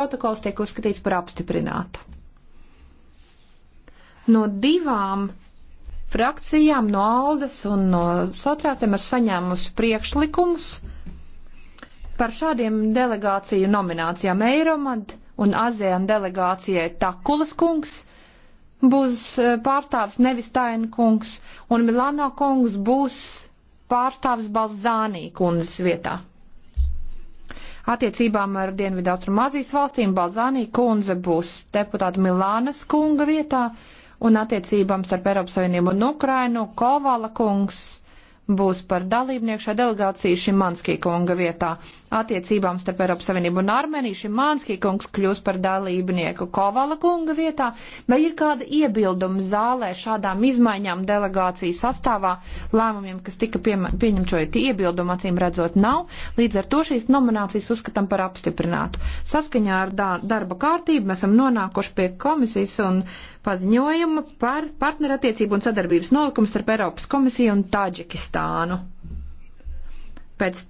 protokols tiek uzskatīts par apstiprinātu. No divām frakcijām, no Aldes un no sociālistiem, ir saņēmusi priekšlikumus par šādiem delegāciju nominācijām Eiromad un ASEAN delegācijai Takulas kungs būs eh, pārstāvs nevis Taina kungs un Milānā kungs būs pārstāvs Balzānī kundzes vietā attiecībām ar Dienvidaustrumāzijas valstīm. Balzānī kundze būs deputāta Milānas kunga vietā un attiecībām starp Eiropas Savienību un Ukrainu Kovala kungs būs par dalībnieku šajā delegācijā Šimanskī kunga vietā. Attiecībām starp Eiropas Savienību un Armēniju Šimanskī kungs kļūs par dalībnieku Kovala kunga vietā. Vai ir kāda iebilduma zālē šādām izmaiņām delegācijas sastāvā lēmumiem, kas tika pieņemts šeit iebildumu acīm redzot nav? Līdz ar to šīs nominācijas uzskatām par apstiprinātu. Saskaņā ar darba kārtību mēs esam nonākuši pie komisijas un paziņojuma par partnerattiecību un sadarbības nolikumu starp Eiropas komisiju un Taģikistānu. Kazahstānu. Pēc